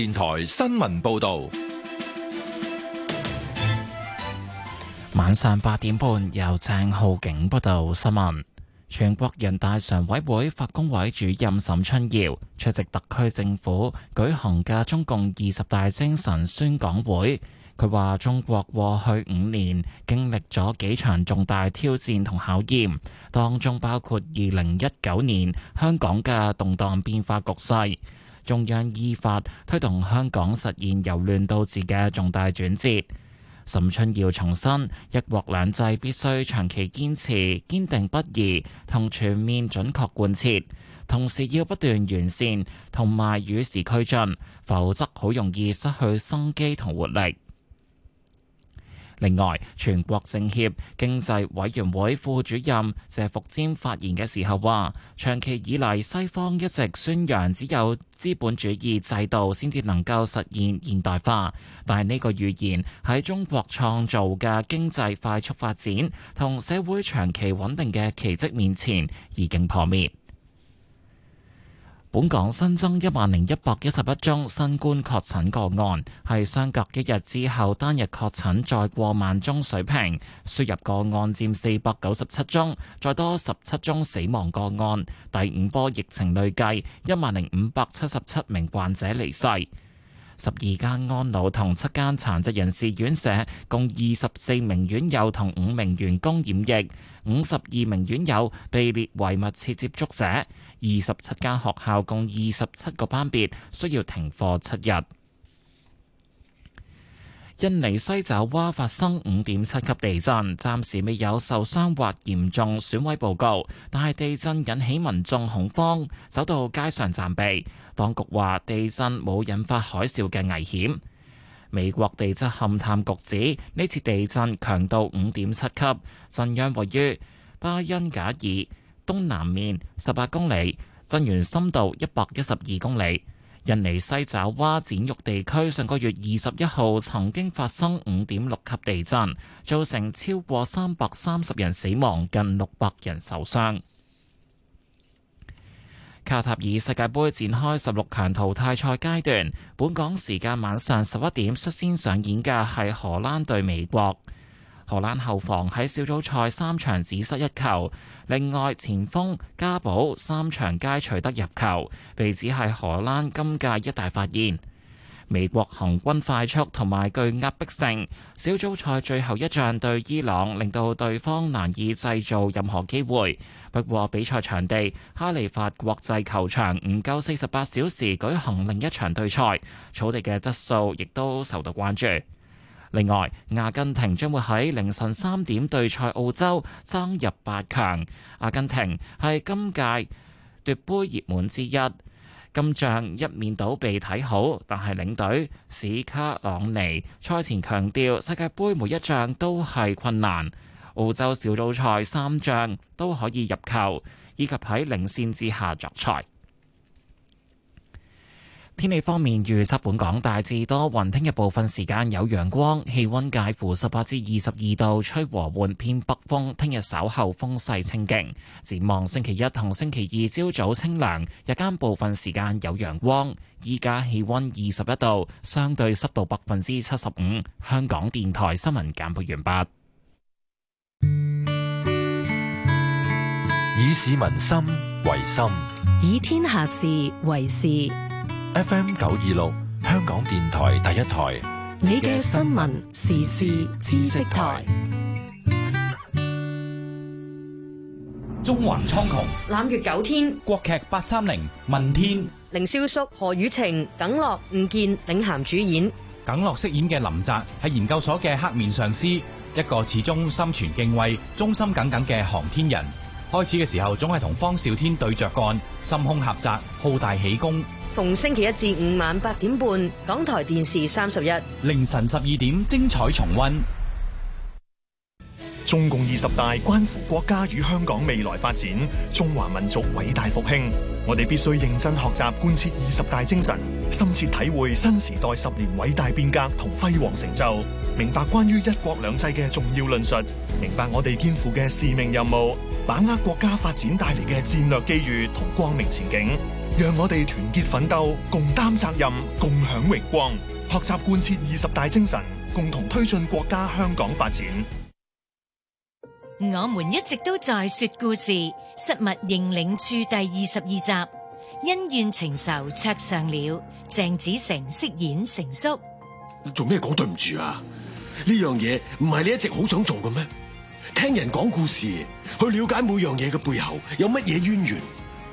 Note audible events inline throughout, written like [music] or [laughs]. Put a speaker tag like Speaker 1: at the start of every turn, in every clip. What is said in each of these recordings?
Speaker 1: 電台新聞報道，
Speaker 2: 晚上八點半由鄭浩景報道新聞。全國人大常委會法工委主任沈春耀出席特區政府舉行嘅中共二十大精神宣講會。佢話：中國過去五年經歷咗幾場重大挑戰同考驗，當中包括二零一九年香港嘅動蕩變化局勢。中央依法推動香港實現由亂到治嘅重大轉折。沈春耀重申，一國兩制必須長期堅持、堅定不移同全面準確貫徹，同時要不斷完善同埋與時俱進，否則好容易失去生機同活力。另外，全國政協經濟委員會副主任謝伏瞻發言嘅時候話：長期以嚟西方一直宣揚只有資本主義制度先至能夠實現現代化，但係呢個預言喺中國創造嘅經濟快速發展同社會長期穩定嘅奇蹟面前已經破滅。本港新增一萬零一百一十一宗新冠確診個案，係相隔一日之後單日確診再過萬宗水平。輸入個案佔四百九十七宗，再多十七宗死亡個案。第五波疫情累計一萬零五百七十七名患者離世。十二間安老同七間殘疾人士院舍共二十四名院友同五名員工染疫。五十二名院友被列為密切接觸者，二十七間學校共二十七個班別需要停課七日。印尼西爪哇發生五點七級地震，暫時未有受傷或嚴重損毀報告，但係地震引起民眾恐慌，走到街上暫避。當局話地震冇引發海嘯嘅危險。美國地質勘探局指呢次地震強度五點七級，震央位於巴恩賈爾東南面十八公里，震源深度一百一十二公里。印尼西爪哇展玉地區上個月二十一號曾經發生五點六級地震，造成超過三百三十人死亡，近六百人受傷。卡塔爾世界盃展開十六強淘汰賽階段，本港時間晚上十一點率先上演嘅係荷蘭對美國。荷蘭後防喺小組賽三場只失一球，另外前鋒加寶三場皆取得入球，被指係荷蘭今屆一大發現。美國行軍快速同埋具壓迫性，小組賽最後一仗對伊朗，令到對方難以製造任何機會。不過比賽場地哈利法國際球場唔夠四十八小時舉行另一場對賽，草地嘅質素亦都受到關注。另外，阿根廷將會喺凌晨三點對賽澳洲，爭入八強。阿根廷係今屆奪杯熱門之一。今仗一面倒被睇好，但係領隊史卡朗尼賽前強調，世界杯每一仗都係困難。澳洲小組賽三仗都可以入球，以及喺領先之下作賽。天氣方面預測，本港大致多雲，聽日部分時間有陽光，氣溫介乎十八至二十二度，吹和緩偏北風。聽日稍後風勢清勁，展望星期一同星期二朝早清涼，日間部分時間有陽光。依家氣溫二十一度，相對濕度百分之七十五。香港電台新聞簡報完畢。以市民心為心，
Speaker 3: 以天下事為事。
Speaker 1: F. M. 九二六，26, 香港電台第一台，
Speaker 3: 你嘅新聞時事知識台，
Speaker 2: 中環蒼穹攬月九天國劇八三零，問
Speaker 3: 天凌瀟肅何雨晴耿樂吳健、領銜主演。
Speaker 2: 耿樂飾
Speaker 1: 演嘅林澤係研究所嘅黑面上司，一個始終心存敬畏、忠心耿耿嘅航天人。開始嘅時候，總係同方少天對着幹，心胸狹窄，好大喜功。
Speaker 3: 逢星期一至五晚八點半，港台電視三十一
Speaker 1: 凌
Speaker 4: 晨十二點，精彩重溫。中共二十大關乎國家與香港未來發展，中華民族偉大復興，我哋必須認真學習貫徹二十大精神，深切體會新時代十年偉大變革同輝煌成就，明白關於一國兩制嘅重要論述，明白我哋肩負嘅使命任務，把握國家發展帶嚟嘅戰略機遇同光明前景。讓我哋團結奮鬥，共擔責任，共享榮光。學習貫徹二十大精神，共同推進國家香港發展。
Speaker 3: 我們一直都在說故事，失物認領處第二十二集，恩怨情仇桌上了。鄭子誠飾演成叔，做咩
Speaker 4: 講對唔住啊？呢樣嘢唔係你一直好想做嘅咩？聽人講故事，去了解每樣嘢嘅背後有乜嘢淵源。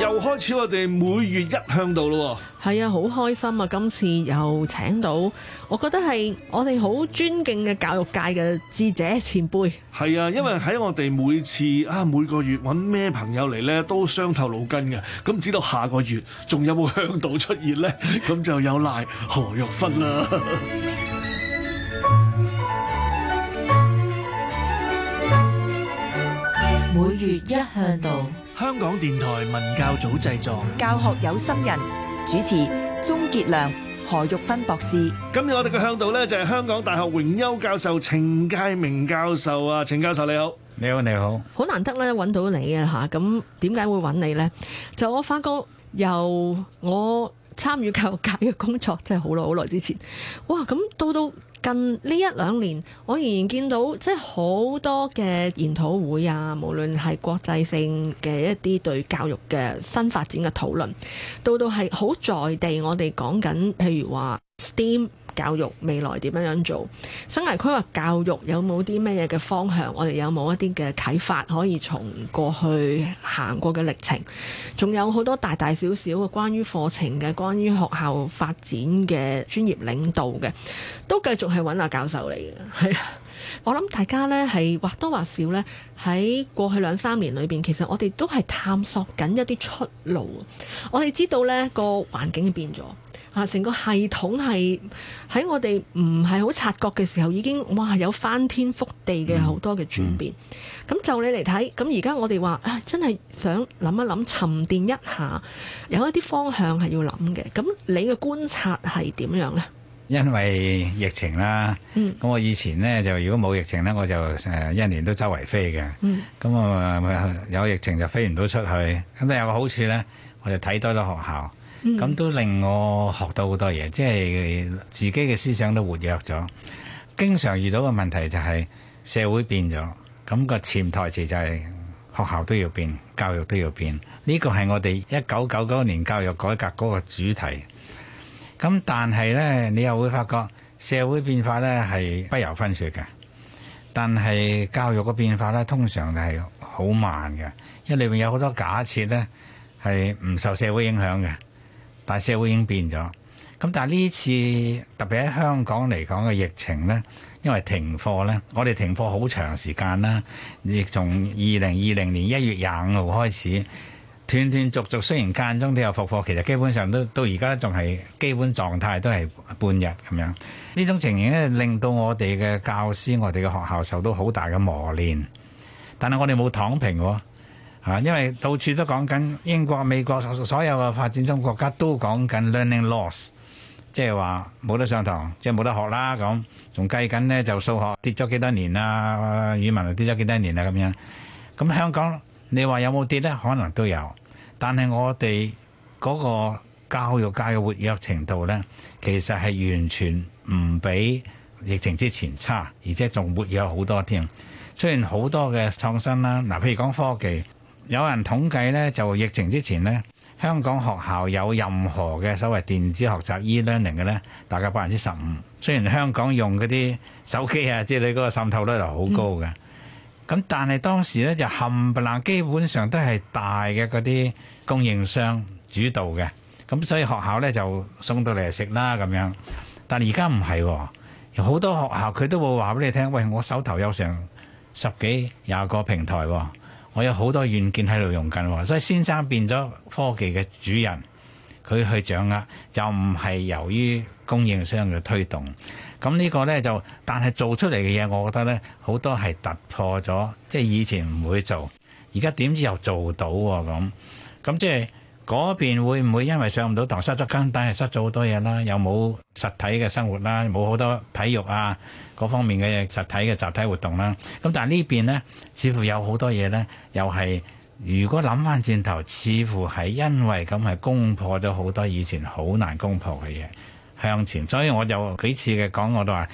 Speaker 4: 又開始我哋每月一嚮導咯，
Speaker 3: 係啊，好開心啊！今次又請到，我覺得係我哋好尊敬嘅教育界嘅智者前輩。
Speaker 4: 係啊，因為喺我哋每次啊，每個月揾咩朋友嚟呢，都傷透腦筋嘅。咁唔知道下個月仲有冇嚮導出現呢？咁就有賴何玉芬啦。
Speaker 3: [laughs] 每月一嚮
Speaker 4: 導。香港電台文教組製作，
Speaker 3: 教學有心人主持鍾傑良、何玉芬博士。
Speaker 4: 今日我哋嘅嚮導咧就係香港大學榮休教授程介明教授啊，程教授你好，你好你好。
Speaker 3: 好難得咧揾到你啊吓，咁點解會揾你咧？就我發覺由我參與教育界嘅工作真係好耐好耐之前，哇咁到到。近呢一兩年，我仍然見到即係好多嘅研討會啊，無論係國際性嘅一啲對教育嘅新發展嘅討論，到到係好在地，我哋講緊譬如話 STEAM。教育未來點樣樣做？生涯規劃教育有冇啲咩嘢嘅方向？我哋有冇一啲嘅啟發可以從過去行過嘅歷程？仲有好多大大小小嘅關於課程嘅、關於學校發展嘅專業領導嘅，都繼續係揾下教授嚟嘅。係啊，我諗大家呢係或多或少呢，喺過去兩三年裏邊，其實我哋都係探索緊一啲出路。我哋知道呢個環境變咗。啊！成個系統係喺我哋唔係好察覺嘅時候，已經哇有翻天覆地嘅好多嘅轉變。咁、嗯嗯、就你嚟睇，咁而家我哋話啊，真係想諗一諗、沉澱一下，有一啲方向係要諗嘅。咁你嘅觀察係點樣呢？
Speaker 1: 因為疫情啦，咁、嗯、我以前呢，就如果冇疫情呢，我就誒一年都周圍飛嘅。咁我、嗯、有疫情就飛唔到出去。咁有個好處呢，我就睇多咗學校。咁、嗯、都令我學到好多嘢，即係自己嘅思想都活躍咗。經常遇到嘅問題就係社會變咗，咁個潛台詞就係學校都要變，教育都要變。呢、呢個係我哋一九九九年教育改革嗰個主題。咁但係呢，你又會發覺社會變化呢係不由分說嘅，但係教育嘅變化呢，通常就係好慢嘅，因為裏面有好多假設呢係唔受社會影響嘅。但社會已經變咗，咁但係呢次特別喺香港嚟講嘅疫情呢，因為停課呢，我哋停課好長時間啦，亦從二零二零年一月廿五號開始斷斷續續，雖然間中都有復課，其實基本上都到而家仲係基本狀態，都係半日咁樣。呢種情形呢，令到我哋嘅教師、我哋嘅學校受到好大嘅磨練，但係我哋冇躺平喎。啊！因為到處都講緊英國、美國所有嘅發展中國家都講緊 learning loss，即係話冇得上堂，即係冇得學啦咁。仲計緊呢，就數學跌咗幾多年啊，語文跌咗幾多年啊咁樣。咁香港你話有冇跌呢？可能都有。但係我哋嗰個教育界嘅活躍程度呢，其實係完全唔比疫情之前差，而且仲活躍好多添。出現好多嘅創新啦。嗱，譬如講科技。有人統計呢，就疫情之前呢，香港學校有任何嘅所謂電子學習 e-learning 嘅呢，大概百分之十五。雖然香港用嗰啲手機啊，即係你嗰個滲透率又好高嘅，咁、嗯、但係當時呢，就冚唪唥基本上都係大嘅嗰啲供應商主導嘅，咁所以學校呢，就送到嚟食啦咁樣。但而家唔係，好多學校佢都會話俾你聽，喂，我手頭有成十幾廿個平台喎、哦。我有好多軟件喺度用緊喎，所以先生變咗科技嘅主人，佢去掌握就唔係由於供應商嘅推動。咁呢個呢，就，但係做出嚟嘅嘢，我覺得呢，好多係突破咗，即係以前唔會做，而家點知又做到喎咁，咁即係。嗰邊會唔會因為上唔到堂失咗根，但係失咗好多嘢啦？又冇實體嘅生活啦，冇好多體育啊各方面嘅實體嘅集體活動啦。咁但係呢邊呢，似乎有好多嘢呢，又係如果諗翻轉頭，似乎係因為咁係攻破咗好多以前好難攻破嘅嘢向前。所以我有幾次嘅講我都話，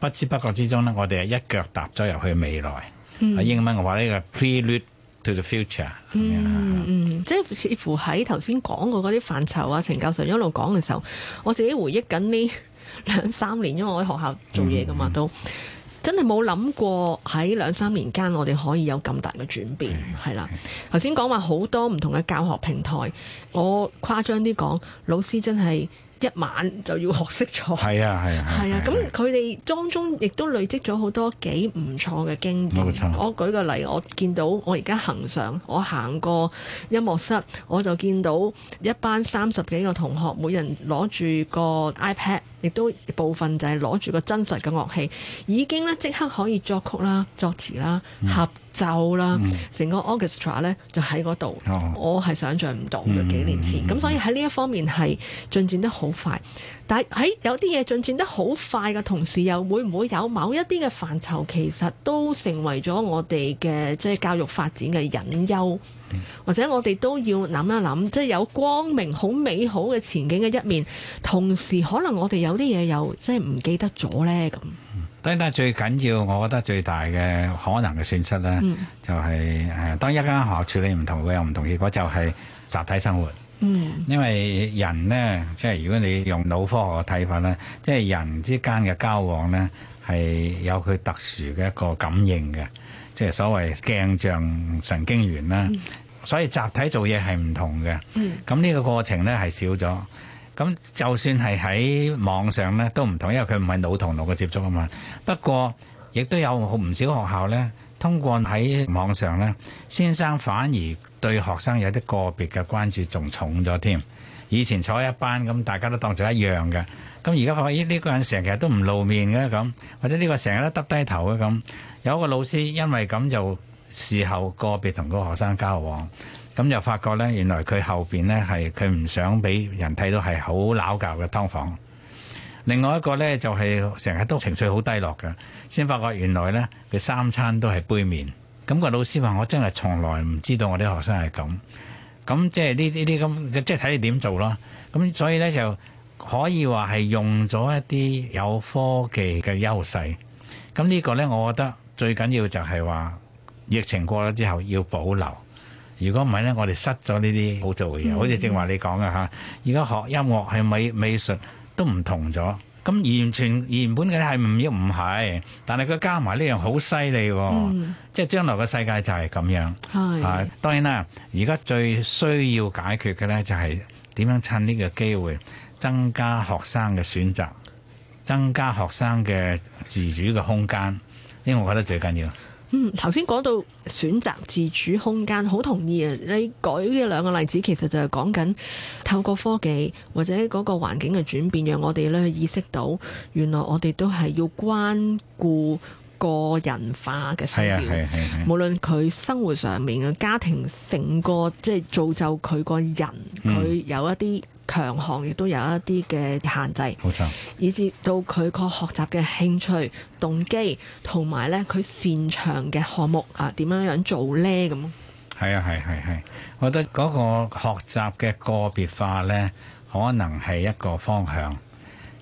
Speaker 1: 不知不覺之中呢，我哋係一腳踏咗入去未來。嗯、英文話呢個 prelude to the
Speaker 3: future，嗯嗯，yeah. 即係似乎喺頭先講過嗰啲範疇啊，程教授一路講嘅時候，我自己回憶緊呢兩三年，因為我喺學校做嘢噶嘛，mm hmm. 都真係冇諗過喺兩三年間我哋可以有咁大嘅轉變，係啦、mm。頭先講話好多唔同嘅教學平台，我誇張啲講，老師真係。一晚就要學識咗，係
Speaker 1: 啊係
Speaker 3: 啊係啊，咁佢哋當中亦都累積咗好多幾唔錯嘅經驗。冇錯。我舉個例，我見到我而家行上，我行過音樂室，我就見到一班三十幾個同學，每人攞住個 iPad。亦都部分就係攞住個真實嘅樂器，已經咧即刻可以作曲啦、作詞啦、合奏啦，成、嗯、個 orchestra 咧就喺嗰度。哦、我係想象唔到嘅幾年前咁，嗯、所以喺呢一方面係進展得好快。但喺、哎、有啲嘢進展得好快嘅同時，又會唔會有某一啲嘅範疇，其實都成為咗我哋嘅即係教育發展嘅隱憂。或者我哋都要諗一諗，即係有光明好美好嘅前景嘅一面，同時可能我哋有啲嘢又即係唔記得咗呢。咁，嗯，
Speaker 1: 當然啦，最緊要我覺得最大嘅可能嘅損失呢，就係誒，當一間學校處理唔同會有唔同結果，就係集體生活。嗯，因為人呢，即係如果你用腦科學嘅睇法呢，即係人之間嘅交往呢，係有佢特殊嘅一個感應嘅，即係所謂鏡像神經元啦。嗯所以集體做嘢係唔同嘅，咁呢個過程呢係少咗。咁就算係喺網上呢都唔同，因為佢唔係腦同腦嘅接觸啊嘛。不過亦都有唔少學校呢，通過喺網上呢，先生反而對學生有啲個別嘅關注，仲重咗添。以前坐一班咁，大家都當作一樣嘅。咁而家發覺咦，呢個人成日都唔露面嘅咁，或者呢個成日都耷低頭嘅咁。有一個老師因為咁就。事後個別同個學生交往，咁就發覺呢，原來佢後邊呢係佢唔想俾人睇到係好撈教嘅劏房。另外一個呢就係成日都情緒好低落嘅，先發覺原來呢佢三餐都係杯麵。咁個老師話：我真係從來唔知道我啲學生係咁咁。即係呢呢啲咁，即係睇你點做咯。咁所以呢就可以話係用咗一啲有科技嘅優勢。咁呢個呢，我覺得最緊要就係話。疫情過咗之後要保留，如果唔係呢，我哋失咗呢啲好做嘅嘢。嗯、好似正話你講嘅嚇，而家學音樂係美美術都唔同咗，咁完全原本嘅係唔要唔係，但係佢加埋呢樣好犀利，嗯、即係將來嘅世界就係咁樣。係是、啊、當然啦，而家最需要解決嘅呢，就係點樣趁呢個機會增加學生嘅選擇，增加學生嘅自主嘅空間，呢個我覺得最緊要。
Speaker 3: 嗯，頭先講到選擇自主空間好同意啊！你舉嘅兩個例子其實就係講緊透過科技或者嗰個環境嘅轉變，讓我哋咧意識到原來我哋都係要關顧個人化嘅需要，啊啊啊
Speaker 1: 啊、無
Speaker 3: 論佢生活上面嘅家庭成個即係、就是、造就佢個人，佢、嗯、有一啲。強項亦都有一啲嘅限制，錯以至到佢個學習嘅興趣、動機同埋呢佢擅長嘅項目啊，點樣樣做呢？咁，
Speaker 1: 係 [noise] 啊，係係係，我覺得嗰個學習嘅個別化呢，可能係一個方向。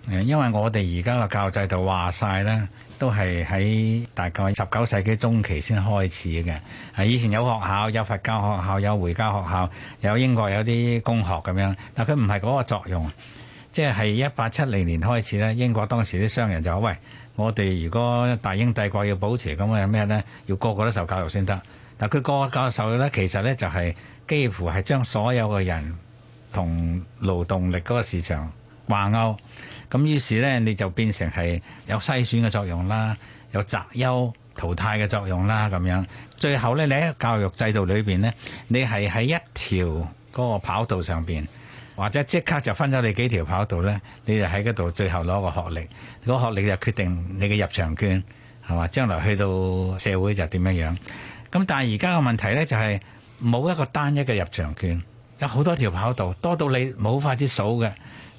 Speaker 1: 因為我哋而家嘅教育制度話晒咧。都係喺大概十九世紀中期先開始嘅。係以前有學校，有佛教學校，有回教學校，有英國有啲工學咁樣。但佢唔係嗰個作用，即係一八七零年開始呢。英國當時啲商人就話：喂，我哋如果大英帝國要保持咁嘅咩呢？要個個都受教育先得。但佢個個教受呢，其實呢就係幾乎係將所有嘅人同勞動力嗰個市場掛鈎。咁於是呢，你就變成係有篩選嘅作用啦，有擇優淘汰嘅作用啦，咁樣最後呢，你喺教育制度裏邊呢，你係喺一條嗰個跑道上邊，或者即刻就分咗你幾條跑道呢，你就喺嗰度最後攞個學歷，個學歷就決定你嘅入場券，係嘛？將來去到社會就點樣樣？咁但係而家嘅問題呢，就係冇一個單一嘅入場券，有好多條跑道，多到你冇法子數嘅。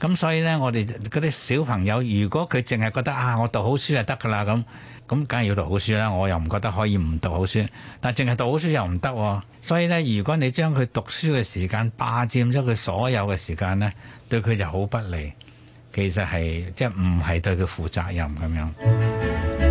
Speaker 1: 咁所以呢，我哋嗰啲小朋友，如果佢淨係覺得啊，我讀好書就得㗎喇，咁咁梗係要讀好書啦。我又唔覺得可以唔讀好書，但係淨係讀好書又唔得。所以呢，如果你將佢讀書嘅時間霸佔咗佢所有嘅時間呢，對佢就好不利。其實係即係唔係對佢負責任咁樣。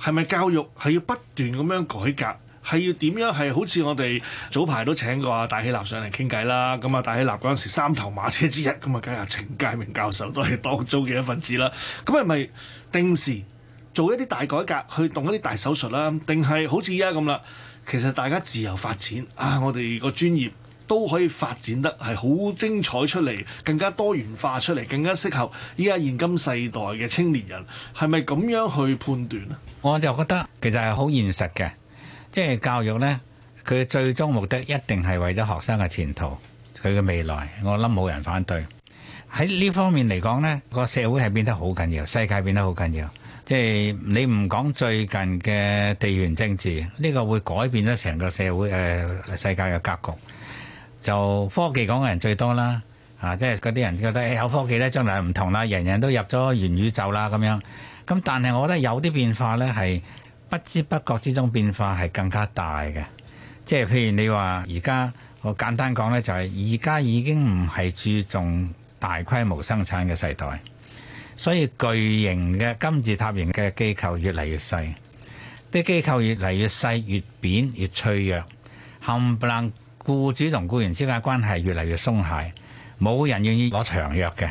Speaker 4: 係咪教育係要不斷咁樣改革？係要點樣？係好似我哋早排都請過啊戴希立上嚟傾偈啦。咁啊戴希立嗰陣時三頭馬車之一咁啊，梗係程介明教授都係當中嘅一份子啦。咁係咪定時做一啲大改革去動一啲大手術啦？定係好似而家咁啦？其實大家自由發展啊，我哋個專業，都可以發展得係好精彩出嚟，更加多元化出嚟，更加適合依家現今世代嘅青年人，係咪咁樣去判斷咧？我就覺得其實
Speaker 1: 係好現實嘅，即係教育呢，佢最終目的一定係為咗學生嘅前途、佢嘅未來。我諗冇人反對喺呢方面嚟講，呢個社會係變得好緊要，世界變得好緊要。即係你唔講最近嘅地緣政治，呢個會改變咗成個社會誒世界嘅格局。就科技講嘅人最多啦，嚇、啊！即係嗰啲人覺得有、哎、科技咧，將來唔同啦，人人都入咗元宇宙啦咁樣。咁但係我覺得有啲變化咧，係不知不覺之中變化係更加大嘅。即係譬如你話而家，我簡單講咧，就係而家已經唔係注重大規模生產嘅世代，所以巨型嘅金字塔型嘅機構越嚟越細，啲機構越嚟越細越扁越脆弱，冚唪唥。僱主同僱員之間嘅關係越嚟越鬆懈，冇人願意攞長約嘅，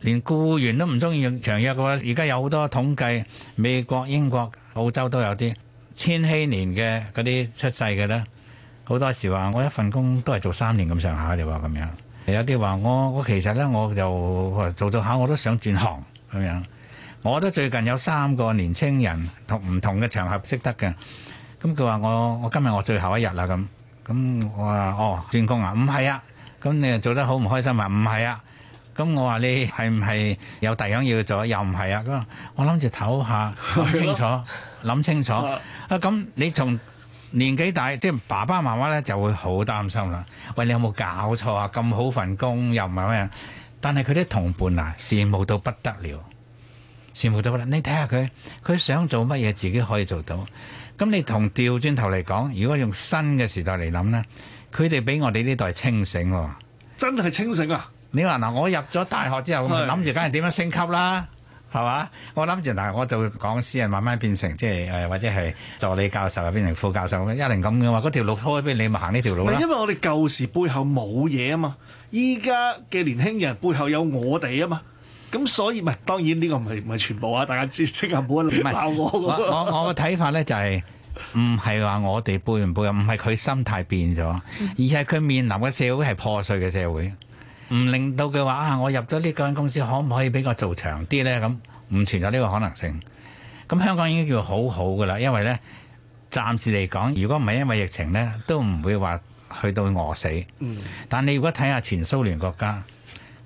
Speaker 1: 連僱員都唔中意用長約嘅話，而家有好多統計，美國、英國、澳洲都有啲千禧年嘅嗰啲出世嘅咧，好多時話我一份工都係做三年咁上下，你話咁樣，有啲話我我其實呢，我就做咗下我都想轉行咁樣，我都最近有三個年青人同唔同嘅場合識得嘅，咁佢話我我今日我最後一日啦咁。咁我話哦轉工啊，唔係啊，咁你又做得好唔開心啊，唔係啊，咁我話你係唔係有第二樣要做，又唔係啊，咁我諗住唞下，諗清楚，諗 [laughs] 清楚 [laughs] 啊，咁你從年紀大，即係爸爸媽媽咧就會好擔心啦。喂，你有冇搞錯啊？咁好份工又唔係咩？但係佢啲同伴啊羨慕到不得了，羨慕到不得。你睇下佢，佢想做乜嘢自己可以做到。咁你同掉轉頭嚟講，如果用新嘅時代嚟諗咧，佢哋比我哋呢代清醒喎，
Speaker 4: 真係清醒啊！
Speaker 1: 你話嗱，我入咗大學之後，諗住梗係點樣升級啦，係嘛？我諗住嗱，我就講師啊，慢慢變成即係誒，或者係助理教授啊，變成副教授，一零咁嘅話，嗰條路開俾你，咪行呢條路。因
Speaker 4: 為我哋舊時背後冇嘢啊嘛，依家嘅年輕人背後有我哋啊嘛。咁所以咪當然呢個唔係唔係全部啊！大家知識啊，冇得鬧
Speaker 1: 我。我、就係、我個睇法咧就係唔係話我哋背唔背啊？唔係佢心態變咗，而係佢面臨嘅社會係破碎嘅社會，唔令到佢話啊，我入咗呢間公司，可唔可以俾我做長啲咧？咁唔存在呢個可能性。咁香港已經叫好好㗎啦，因為咧，暫時嚟講，如果唔係因為疫情咧，都唔會話去到餓死。但你如果睇下前蘇聯國家。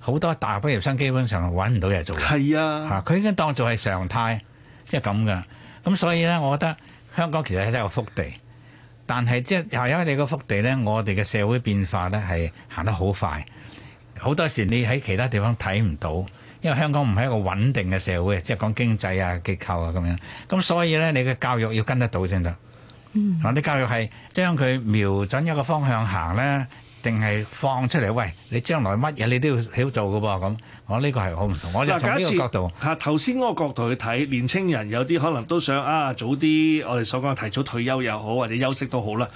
Speaker 1: 好多大學畢業生基本上揾唔到嘢做，係啊，佢、啊、已經當做係常態，即係咁噶。咁所以咧，我覺得香港其實係一個福地，但係即係因為你個福地咧，我哋嘅社會變化咧係行得好快，好多時你喺其他地方睇唔到，因為香港唔係一個穩定嘅社會，即係講經濟啊、結構啊咁樣。咁所以咧，你嘅教育要跟得到先得。嗯，嗱啲教育係將佢瞄準一個方向行咧？定係放出嚟，喂，你將來乜嘢你都要曉做嘅噃，咁，我呢個係好唔同。我哋從呢個角度，
Speaker 4: 嚇頭先嗰個角度去睇，年輕人有啲可能都想啊早啲，我哋所講提早退休又好，或者休息都好啦。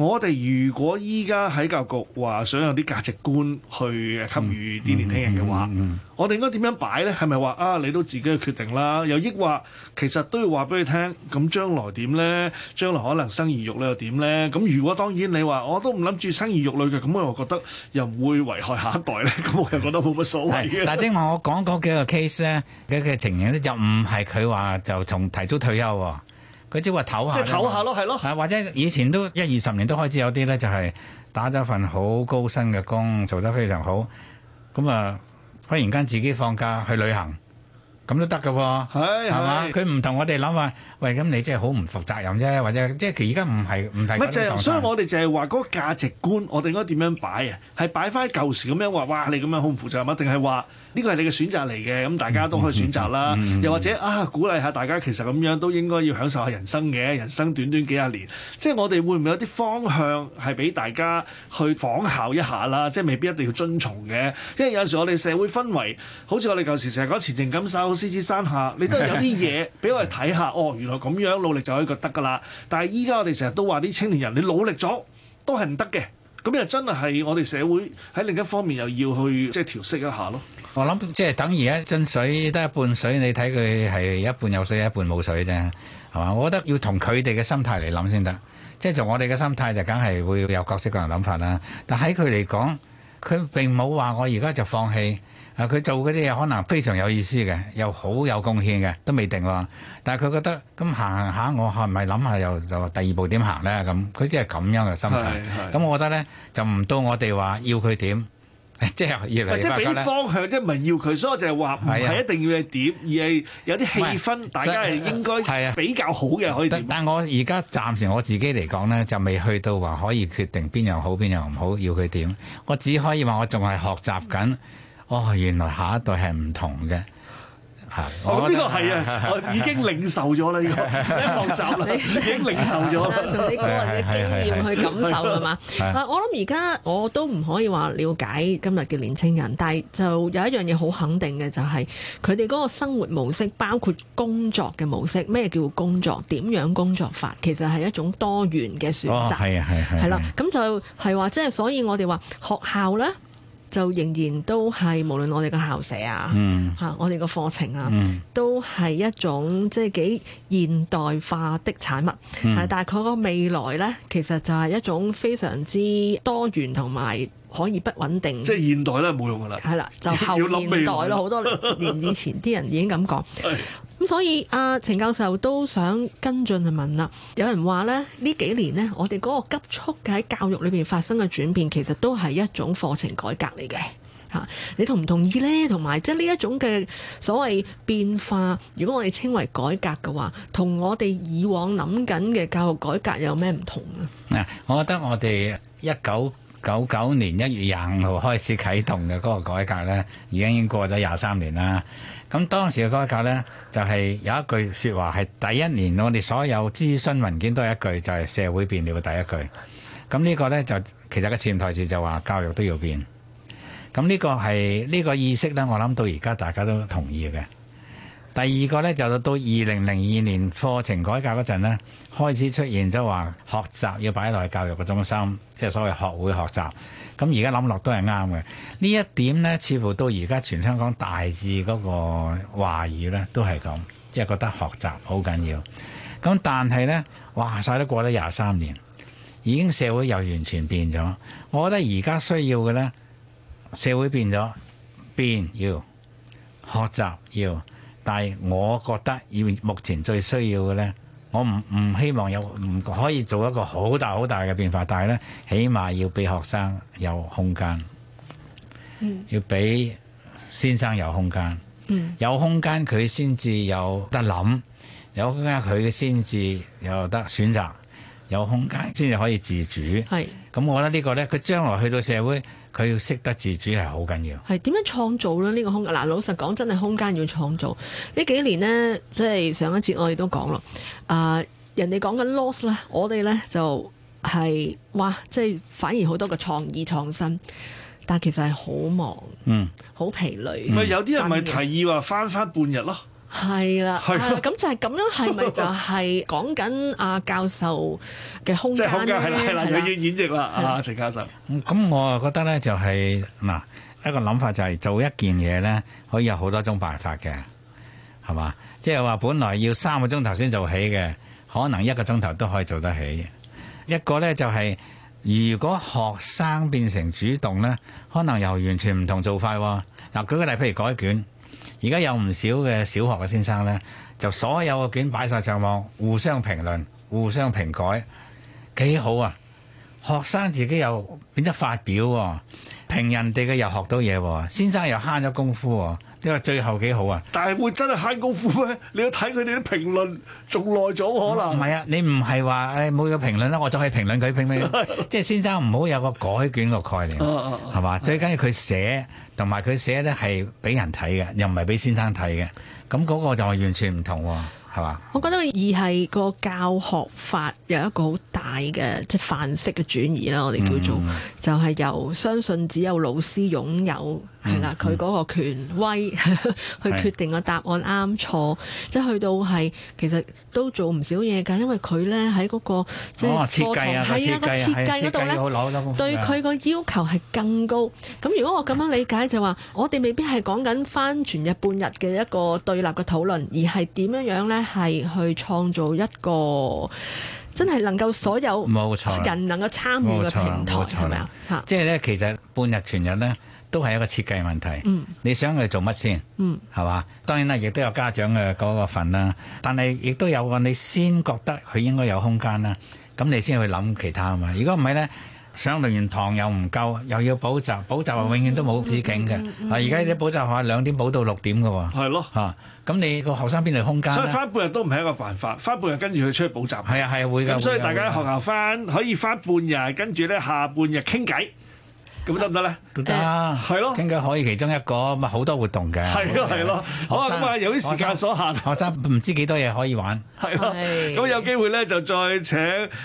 Speaker 4: 我哋如果依家喺教育局話想有啲價值觀去給予啲年輕人嘅話，我哋應該點樣擺咧？係咪話啊，你都自己去決定啦？又抑或其實都要話俾佢聽，咁將來點咧？將來可能生兒育女又點咧？咁如果當然你話我都唔諗住生兒育女嘅，咁我又覺得又會危害下一代咧。咁我又覺得冇乜所謂嘅。嗱，正
Speaker 1: 話我講嗰幾個 case 咧，嗰個情形咧就唔係佢話就從提早退休喎。佢只係話唞下，即係唞下咯，係咯，係或者以前都一二十年都開始有啲咧，就係打咗份好高薪嘅工，做得非常好，咁啊，忽然間自己放假去旅行，咁都得㗎，係係嘛？佢唔同我哋諗話，喂，咁你真係好唔負責任啫，或者即係而家唔係唔係。唔係，就係，所以
Speaker 4: 我哋就係話嗰個價值觀，我哋應該點樣擺啊？係擺翻舊時咁樣話，哇！你咁樣好唔負責任啊？定係話？呢個係你嘅選擇嚟嘅，咁大家都可以選擇啦。 [music] 又或者啊，鼓勵下大家，其實咁樣都應該要享受下人生嘅。人生短短幾十年。即係我哋會唔會有啲方向係俾大家去仿效一下啦？即係未必一定要遵從嘅，因為有陣時我哋社會氛圍，好似我哋舊時成日講前程錦繡、獅子山下，你都係有啲嘢俾我哋睇下。 [laughs] 哦，原來咁樣努力就可以覺得㗎啦。但係依家我哋成日都話啲青年人，你努力咗都係唔得嘅。咁又真係我哋社會喺另一方面又要去即係、就是、調適一下咯。
Speaker 1: 我諗即係等而家一樽水得一半水，你睇佢係一半有水，一半冇水啫，係嘛？我覺得要同佢哋嘅心態嚟諗先得，即係從我哋嘅心態就梗係會有各式各樣諗法啦。但喺佢嚟講，佢並冇話我而家就放棄。啊，佢做嗰啲嘢可能非常有意思嘅，又好有貢獻嘅，都未定喎。但係佢覺得咁行行下，我係咪諗下又就第二步點行咧？咁佢即係咁樣嘅心態。咁我覺得咧，就唔到我哋話要佢點。
Speaker 4: 即係要，嚟，即係俾方向，即係唔係要佢。所以就係話，唔係一定要點，係啊、而係有啲氣氛，大家係應該比較好嘅可以點。但係我而家
Speaker 1: 暫時我自己嚟講咧，就未去到話可以決定邊樣好，邊樣唔好，要佢點。我只可以話我仲係學習緊。哦，原來下一代係唔同嘅。
Speaker 4: 呢個係啊，已經領受咗啦，呢個即係學習啦，已經領受咗。從你個人嘅經驗去感受係
Speaker 3: 嘛？我諗而家我都唔可以話了解今日嘅年青人，但係就有一樣嘢好肯定嘅就係佢哋嗰個生活模式，包括工作嘅模式。咩叫工作？點樣工作法？其實係一種多元嘅選擇。哦，係啊，係啦，咁就係話，即係所以我哋話學校咧。就仍然都係無論我哋個校舍啊，吓，mm. 啊，我哋個課程啊，mm. 都係一種即係幾現代化的產物。嚇，mm. 但係佢個未來咧，其實就係一種非常之多元同埋。可以不穩定，即係現代咧冇用噶啦，係啦，就後現代咯。好 [laughs] 多年以前啲人已經咁講。咁 [laughs] 所以阿、呃、程教授都想跟進去問啦。有人話咧呢幾年呢，我哋嗰個急速嘅喺教育裏邊發生嘅轉變，其實都係一種課程改革嚟嘅嚇。你同唔同意呢？同埋即係呢一種嘅所謂變化，如果我哋稱為改革嘅話，同我哋以往諗緊嘅教育改革有咩唔同啊？嗱，
Speaker 1: 我覺得我哋一九九九年一月廿五號開始啟動嘅嗰個改革呢，已經過咗廿三年啦。咁當時嘅改革呢，就係有一句説話係第一年我哋所有諮詢文件都係一句，就係社會變了嘅第一句。咁呢個呢，就其實個潛台詞就話教育都要變。咁呢個係呢個意識呢，我諗到而家大家都同意嘅。第二個呢，就到二零零二年課程改革嗰陣咧，開始出現咗話學習要擺落去教育嘅中心，即係所謂學會學習。咁而家諗落都係啱嘅，呢一點呢，似乎到而家全香港大致嗰個話語咧都係咁，即係覺得學習好緊要。咁但係呢，話晒都過咗廿三年，已經社會又完全變咗。我覺得而家需要嘅呢，社會變咗變要學習要。但係，我覺得以目前最需要嘅呢，我唔唔希望有唔可以做一個好大好大嘅變化。但係呢，起碼要俾學生有空間，嗯，要俾先生有空間，嗯，有空間佢先至有得諗，有空間佢先至有得選擇，有空間先至可以自主。係，咁我覺得呢個呢，佢將來去到社會。佢要識得自主係好緊要，
Speaker 3: 係點樣創造咧？呢個空間嗱，老實講真係空間要創造。呢幾年呢，即係上一節我哋都講咯，啊人哋講緊 loss 咧，我哋咧就係哇，即係反而好多個創意創新，但其實係好忙，嗯，好疲累。咪有啲人咪提議
Speaker 4: 話翻翻半日咯。
Speaker 3: 係啦，咁就係咁樣，係咪就係講緊阿教授嘅空間咧？係啦，係啦，又的的要演繹啦，
Speaker 1: 阿
Speaker 4: 程的、啊、教授。咁我啊覺得咧、
Speaker 1: 就是，就係嗱一個諗法就係、是、做一件嘢咧，可以有好多種辦法嘅，係嘛？即係話本來要三個鐘頭先做起嘅，可能一個鐘頭都可以做得起。一個咧就係、是、如果學生變成主動咧，可能又完全唔同做法。嗱，舉個例，譬如改卷。而家有唔少嘅小學嘅先生咧，就所有嘅卷擺晒上網，互相評論、互相評改，幾好啊！學生自己又變得發表，評人哋嘅又學到嘢，先生又慳咗功夫。你話最後幾好啊？
Speaker 4: 但係會真係慳功夫咩？你要睇佢哋啲評論，仲耐咗可能。唔係啊！你唔係話
Speaker 1: 誒冇個評論啦，我就可以評論佢評咩？即係先生唔好有個改卷個概念，係嘛？ [laughs] 最緊要佢寫。同埋佢寫得係俾人睇嘅，又唔係俾先生睇嘅，咁嗰個就完全唔同喎。係
Speaker 3: 嘛？我覺得二係個教學法有一個好大嘅即係範式嘅轉移啦。我哋叫做就係由相信只有老師擁有係啦，佢嗰個權威去決定個答案啱錯，即係去到係其實都做唔少嘢㗎。因為佢咧喺嗰個即係課堂係啊個設計嗰度咧，對佢個要求係更高。咁如果我咁樣理解就話，我哋未必係講緊返全日半日嘅一個對立嘅討論，而係點樣樣咧？係去創造一個真係能夠所有冇錯人能夠參與嘅平台，係咪？
Speaker 1: 即係咧，其實半日全日咧都係一個設計問題。嗯，你想佢做乜先？嗯，係嘛？當然啦，亦都有家長嘅嗰個份啦。但係亦都有個你先覺得佢應該有空間啦，咁你先去諗其他啊嘛。如果唔係咧，上課完堂又唔夠，又要補習，補習啊永遠都冇止境嘅。啊、嗯，而家啲補習學校兩點補到六點嘅喎，係咯吓。的咁你個學生邊度空間？所以返
Speaker 4: 半日都唔係一個辦法，返半日跟住佢出去補習。係啊係啊會咁，所以大家學校返可以返半日，跟住咧下半日傾偈，咁得唔得咧？
Speaker 1: 得，係咯。傾偈可以其中一個，咪好多活動嘅。係咯係咯。好啊，咁啊，由於時間所限，學生唔知幾多嘢可以玩。
Speaker 4: 係咯。咁有機會咧就再請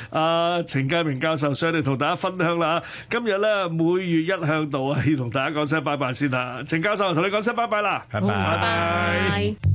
Speaker 4: 阿程介明教授上嚟同大家分享啦。今日咧每月一嚮導啊，要同大家講聲拜拜先啦。程教授同你講聲拜拜啦。好，拜
Speaker 3: 拜。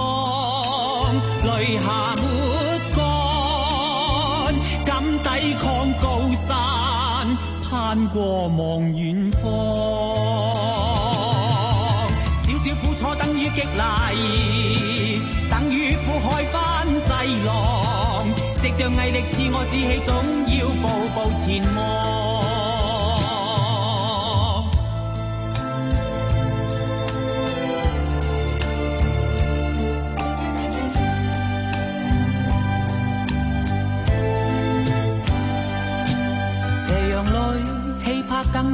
Speaker 5: 淚下抹乾，敢抵抗高山，攀過望遠方。 [noise] 少少苦楚等於激勵，等於苦海翻細浪。藉着毅力賜我志氣，總要步步前往。